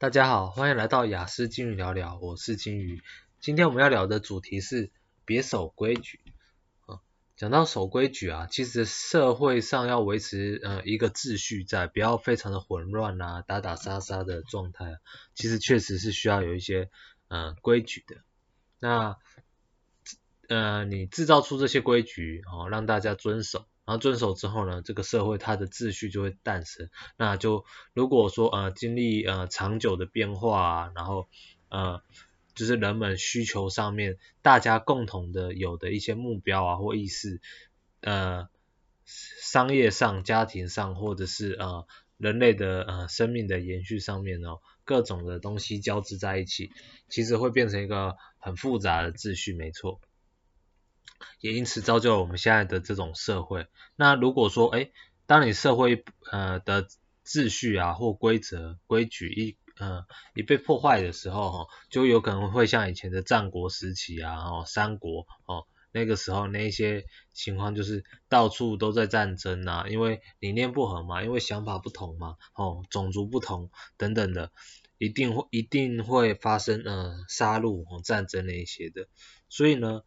大家好，歡迎來到亞斯金魚聊聊，我是金魚。今天我們要聊的主題是別守規矩。啊，講到守規矩啊，其實社會上要維持呃一個秩序在，不要非常的混亂啊，打打殺殺的狀態，其實確實是需要有一些呃規矩的。那呃你制造出這些規矩哦，讓大家遵守。然後遵守之後呢，這個社會它的秩序就會誕生。那就如果說呃經歷呃長久的變化啊，然後呃就是人們需求上面，大家共同的有的一些目標啊或意識，呃商業上、家庭上或者是呃人類的呃生命的延續上面哦，各種的東西交織在一起，其實會變成一個很複雜的秩序，沒錯。也因此造就了我們現在的這種社會。那如果說，哎，當你社會呃的秩序啊或規則規矩一呃，一被破壞的時候，吼、哦，就有可能會像以前的戰國時期啊，哦，三國哦，那個時候那些情況就是到處都在戰爭啊，因為理念不合嘛，因為想法不同嘛，哦，種族不同等等的，一定會一定會發生呃殺戮、哦、戰爭那一些的。所以呢。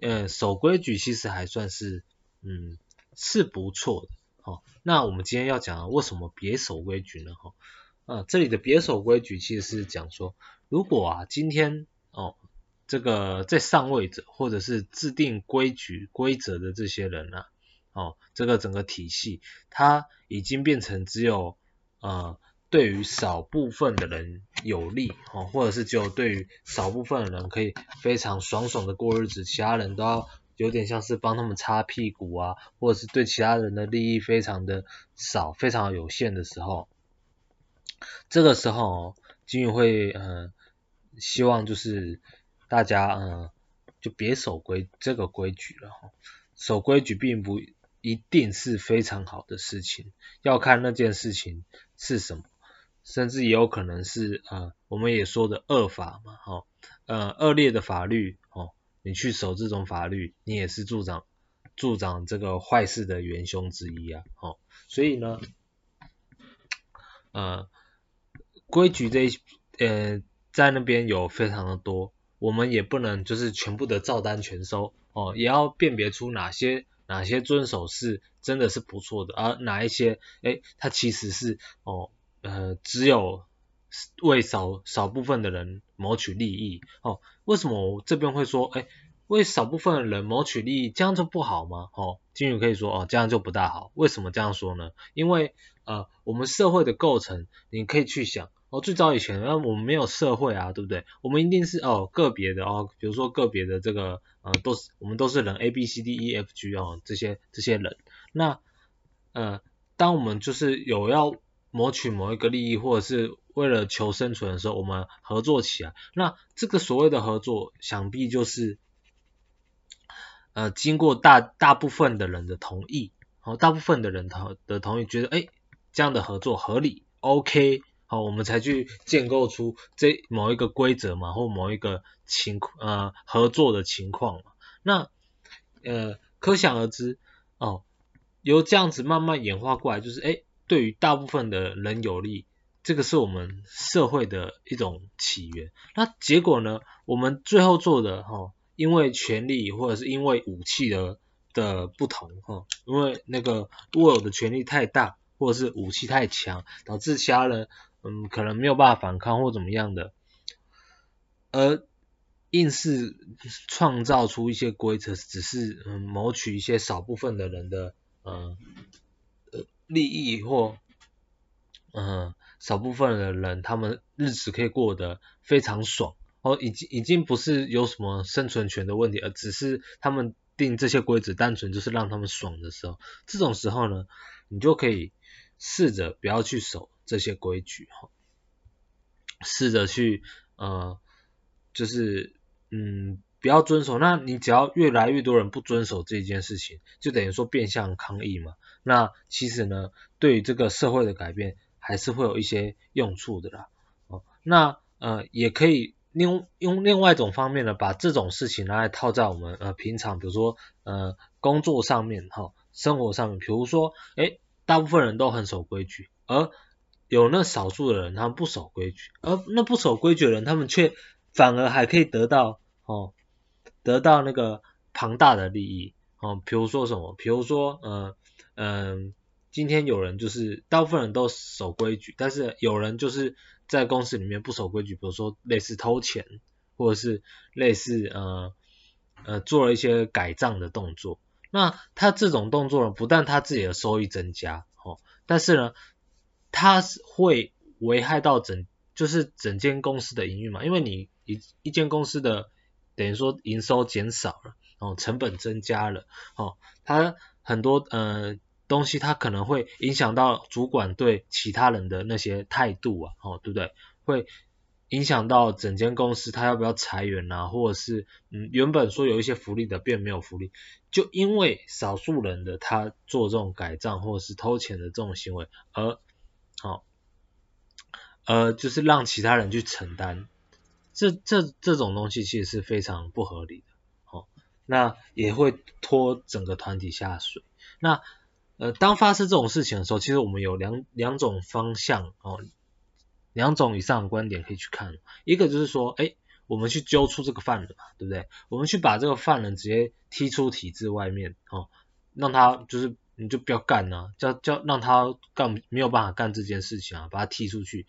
呃，守規矩其實還算是，嗯，是不錯的。好、哦，那我們今天要講、啊、為什麼別守規矩呢？哈，呃，這裡的別守規矩其實是講說，如果啊，今天哦，這個在上位者或者是制定規矩規則的這些人啊，哦，這個整個體系，它已經變成只有呃。對於少部分的人有利哦，或者是只有對於少部分的人可以非常爽爽的過日子，其他人都要有點像是幫他們擦屁股啊，或者是對其他人的利益非常的少，非常有限的時候，這個時候金宇會嗯、呃、希望就是大家嗯、呃、就別守規這個規矩了哈，守規矩並不一定是非常好的事情，要看那件事情是什麼。甚至也有可能是呃，我們也說的惡法嘛，吼、哦，呃，惡劣的法律，哦，你去守這種法律，你也是助長助長這個壞事的元凶之一啊，吼、哦，所以呢，呃，規矩這，呃，在那邊有非常的多，我們也不能就是全部的照單全收，哦，也要辨別出哪些哪些遵守是真的是不錯的，而、啊、哪一些，哎，它其實是，哦。呃，只有為少少部分的人謀取利益，哦，為什麼我這邊會說，哎，為少部分的人謀取利益，這樣就不好嗎？哦，金魚可以說，哦，這樣就不大好，為什麼這樣說呢？因為呃，我們社會的構成，你可以去想，哦，最早以前，那、呃、我們沒有社會啊，對不對？我們一定是哦，個別的哦，比如說個別的這個，呃，都是我們都是人，A B C D E F G 啊、哦，這些這些人，那呃，當我們就是有要。謀取某一個利益，或者是為了求生存的時候，我們合作起來。那這個所謂的合作，想必就是呃經過大大部分的人的同意，好、哦，大部分的人同的，的同意，覺得誒，這樣的合作合理，OK，好、哦，我們才去建構出這某一個規則嘛，或某一個情呃合作的情況。那呃可想而知哦，由這樣子慢慢演化過來，就是誒。對於大部分的人有利，這個是我們社會的一種起源。那結果呢？我們最後做的哈，因為權力或者是因為武器的的不同哈，因為那個握有的權力太大，或者是武器太強，導致其他人嗯可能沒有辦法反抗或怎麼樣的，而硬是創造出一些規則，只是嗯謀取一些少部分的人的嗯。呃利益或，嗯、呃，少部分的人，他們日子可以過得非常爽，哦，已經已經不是有什麼生存權的問題，而只是他們定這些規則，單純就是讓他們爽的時候，這種時候呢，你就可以試着不要去守這些規矩，哈，試着去，呃，就是，嗯，不要遵守。那你只要越來越多人不遵守這件事情，就等於說變相抗議嘛。那其實呢，對於這個社會的改變，還是會有一些用處的啦。哦，那呃，也可以用，用另外一種方面呢，把這種事情拿來套在我們呃平常，比如說呃工作上面哈，哦，生活上面，比如說，哎，大部分人都很守規矩，而有那少數的人他們不守規矩，而那不守規矩的人他們卻反而還可以得到哦，得到那個龐大的利益。哦，比如說什麼？比如說，嗯、呃、嗯、呃，今天有人就是，大部分人都守規矩，但是有人就是在公司裡面不守規矩，比如說類似偷錢，或者是類似呃呃做了一些改賬的動作。那他這種動作呢，不但他自己的收益增加，哦，但是呢，他是會危害到整，就是整間公司的營運嘛，因為你一一間公司的等於說營收減少了。哦，成本增加了，哦，他很多呃東西，他可能會影響到主管對其他人的那些態度啊，哦，對不對？會影響到整間公司他要不要裁員吶、啊，或者是嗯原本說有一些福利的變沒有福利，就因為少數人的他做這種改賬或者是偷錢的這種行為，而好、哦，呃，就是讓其他人去承擔，這這這種東西其實是非常不合理的。那也會拖整個團體下水。那呃，當發生這種事情的時候，其實我們有兩兩種方向哦，兩種以上的觀點可以去看。一個就是說，誒，我們去揪出這個犯人嘛，對不對？我們去把這個犯人直接踢出體制外面哦，讓他就是你就不要幹了啊，叫叫讓他幹沒有辦法幹這件事情啊，把他踢出去。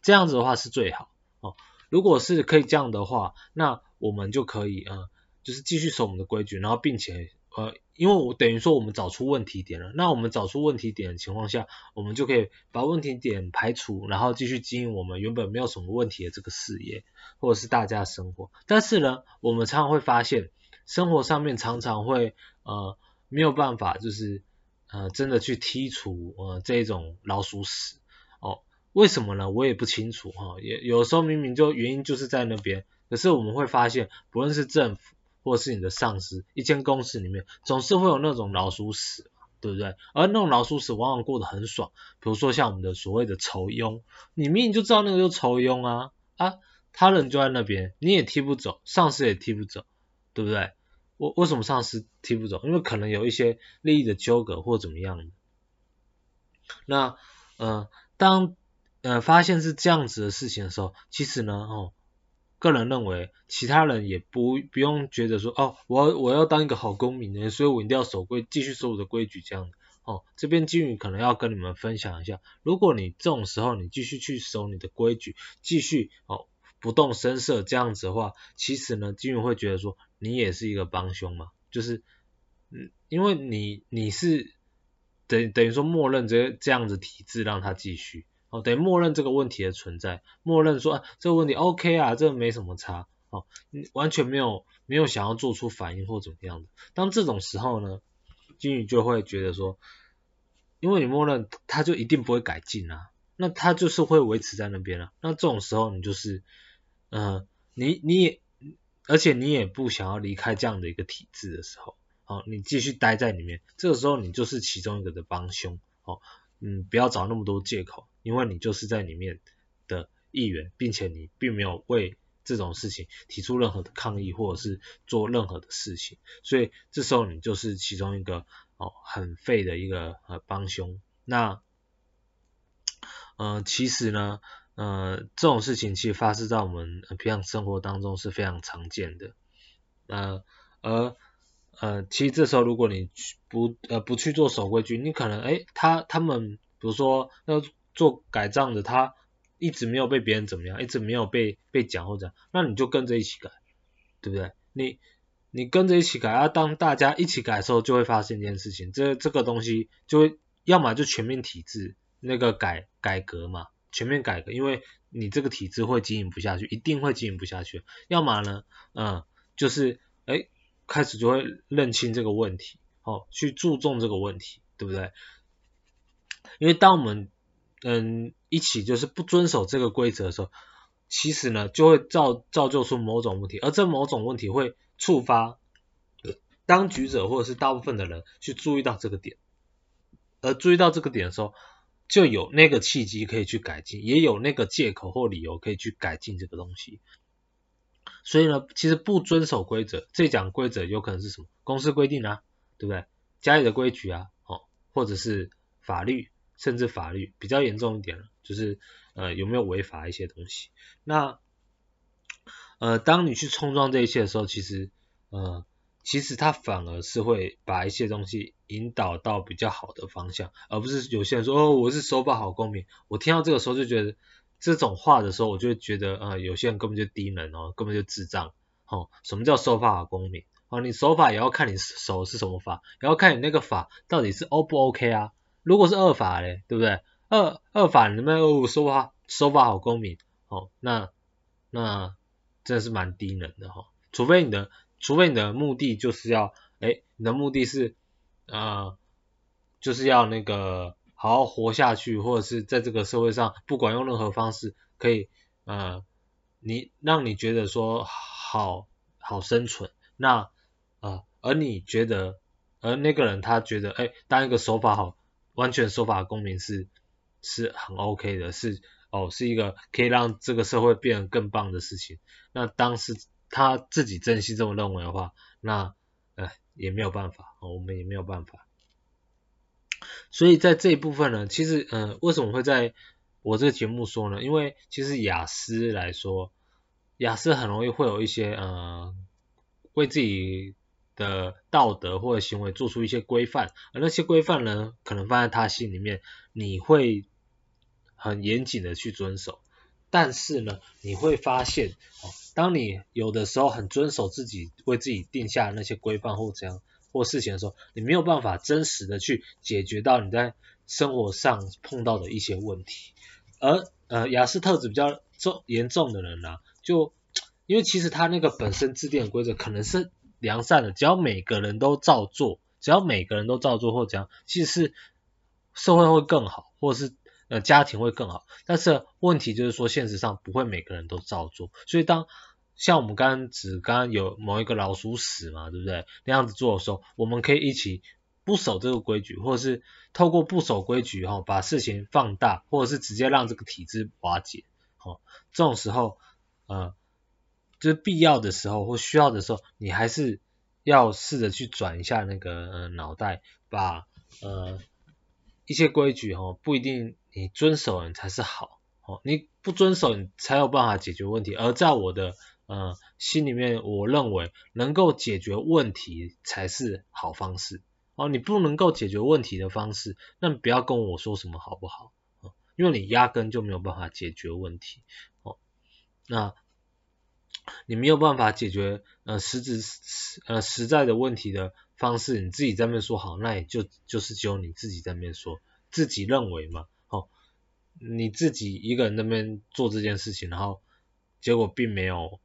這樣子的話是最好哦。如果是可以這樣的話，那我們就可以嗯。呃就是繼續守我們的規矩，然後並且呃，因為我等於說我們找出問題點了，那我們找出問題點的情況下，我們就可以把問題點排除，然後繼續經營我們原本沒有什麼問題的這個事業或者是大家的生活。但是呢，我們常常會發現生活上面常常會呃沒有辦法，就是呃真的去剔除呃這種老鼠屎哦，為什麼呢？我也不清楚哈、哦，也有時候明明就原因就是在那邊，可是我們會發現不論是政府。或是你的上司，一間公司裡面總是會有那種老鼠屎，對不對？而那種老鼠屎往往過得很爽，比如說像我們的所謂的酬庸，你明明就知道那個就是酬庸啊啊，他人就在那邊，你也踢不走，上司也踢不走，對不對？我為什麼上司踢不走？因為可能有一些利益的糾葛或怎麼樣。那呃，當呃發現是這樣子的事情的時候，其實呢，哦。個人認為，其他人也不不用覺得說，哦，我我要當一個好公民呢，所以我一定要守規，繼續守我的規矩，這樣子。哦，這邊金魚可能要跟你們分享一下，如果你這種時候你繼續去守你的規矩，繼續哦不動聲色這樣子的話，其實呢，金魚會覺得說你也是一個幫兇嘛，就是，嗯，因為你你是等等於說默認這這樣子體制讓他繼續。哦，等於默認這個問題的存在，默認說、啊、這個問題 OK 啊，這個、沒什麼差，哦，你完全沒有沒有想要做出反應或怎麼樣的。當這種時候呢，金魚就會覺得說，因為你默認，它就一定不會改進啊，那它就是會維持在那邊啊，那這種時候你就是，嗯、呃，你你也，而且你也不想要離開這樣的一個體制的時候，哦，你繼續待在裡面，這個時候你就是其中一個的幫兇，哦，嗯，不要找那麼多借口。因為你就是在裡面的議員，並且你並沒有為這種事情提出任何的抗議，或者是做任何的事情，所以這時候你就是其中一個哦，很廢的一個呃，幫兇。那呃，其實呢，呃，這種事情其實發生在我們平常生活當中是非常常見的。呃，而呃，呃，其實這時候如果你不呃不去做守規矩，你可能哎，他他們比如說那。做改賬的，他一直沒有被別人怎麼樣，一直沒有被被講或者怎樣，那你就跟着一起改，對不對？你你跟着一起改，然後啊，當大家一起改的時候，就會發生一件事情，這這個東西就會要麼就全面體制那個改改革嘛，全面改革，因為你這個體制會經營不下去，一定會經營不下去。要麼呢，嗯，就是哎，開始就會認清這個問題，哦，去注重這個問題，對不對？因為當我們嗯，一起就是不遵守這個規則的時候，其實呢就會造造就出某種問題，而這某種問題會觸發當局者或者是大部分的人去注意到這個點，而注意到這個點的時候，就有那個契機可以去改進，也有那個借口或理由可以去改進這個東西。所以呢，其實不遵守規則，這講規則有可能是什麼？公司規定啊，對不對？家裡的規矩啊，哦，或者是法律。甚至法律比較嚴重一點了，就是呃有沒有違法一些東西？那呃當你去衝撞這一切的時候，其實呃其實它反而是會把一些東西引導到比較好的方向，而不是有些人說哦，我是守法好公民，我聽到這個時候就覺得這種話的時候，我就覺得呃有些人根本就低能哦，根本就智障。哦。什麼叫守法好公民？哦，啊，你守法也要看你守的是什麼法，也要看你那個法到底是 O 不 OK 啊？如果是惡法嘞，對不對？惡惡法你們守法守法好公民哦，那那真的是蠻低能的哈、哦。除非你的，除非你的目的就是要，哎，你的目的是，呃、就是要那個好好活下去，或者是在這個社會上，不管用任何方式可以，呃，你讓你覺得說好好生存，那啊、呃，而你覺得，而那個人他覺得，哎，當一個守法好。完全守法公民是是很 OK 的，是哦，是一個可以讓這個社會變得更棒的事情。那當時他自己真心這麼認為的話，那呃也沒有辦法，我們也沒有辦法。所以在這一部分呢，其實呃為什麼會在我這個節目說呢？因為其實亞斯來說，亞斯很容易會有一些呃為自己。的道德或者行為做出一些規範，而那些規範呢，可能放在他心裡面，你會很嚴謹的去遵守。但是呢，你會發現哦，當你有的時候很遵守自己為自己定下的那些規範或怎樣或事情的時候，你沒有辦法真實的去解決到你在生活上碰到的一些問題。而呃，亞斯特質比較重嚴重的人呢、啊，就因為其實他那個本身制定的規則可能是。良善的，只要每個人都照做，只要每個人都照做或怎樣，其實是社會會更好，或者是呃家庭會更好。但是問題就是說，現實上不會每個人都照做，所以當像我們剛剛只剛剛有某一個老鼠屎嘛，對不對？那樣子做的時候，我們可以一起不守這個規矩，或者是透過不守規矩哈、哦，把事情放大，或者是直接讓這個體制瓦解。好、哦，這種時候，呃。就是必要的時候或需要的時候，你還是要試着去轉一下那個呃腦袋，把呃一些規矩哈、哦，不一定你遵守了你才是好哦，你不遵守你才有辦法解決問題。而在我的呃心裡面，我認為能夠解決問題才是好方式哦。你不能夠解決問題的方式，那你不要跟我說什麼好不好、哦、因為你壓根就沒有辦法解決問題哦。那你沒有辦法解決呃實質實呃實在的問題的方式，你自己在那邊說好，那也就就是只有你自己在那邊說，自己認為嘛，哦，你自己一個人在那邊做這件事情，然後結果並沒有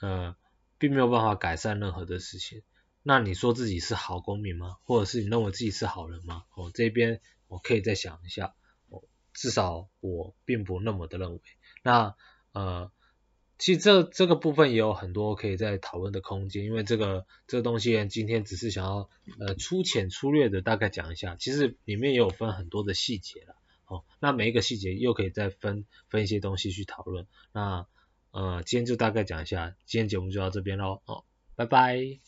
呃並沒有辦法改善任何的事情，那你說自己是好公民嗎？或者是你認為自己是好人嗎？哦，這邊我可以再想一下，哦，至少我並不那麼的認為，那呃。其實這這個部分也有很多可以再討論的空間，因為這個這個東西今天只是想要呃粗淺粗略的大概講一下，其實裡面也有分很多的細節了，哦，那每一個細節又可以再分分一些東西去討論，那呃今天就大概講一下，今天節目就到這邊嘍，哦，拜拜。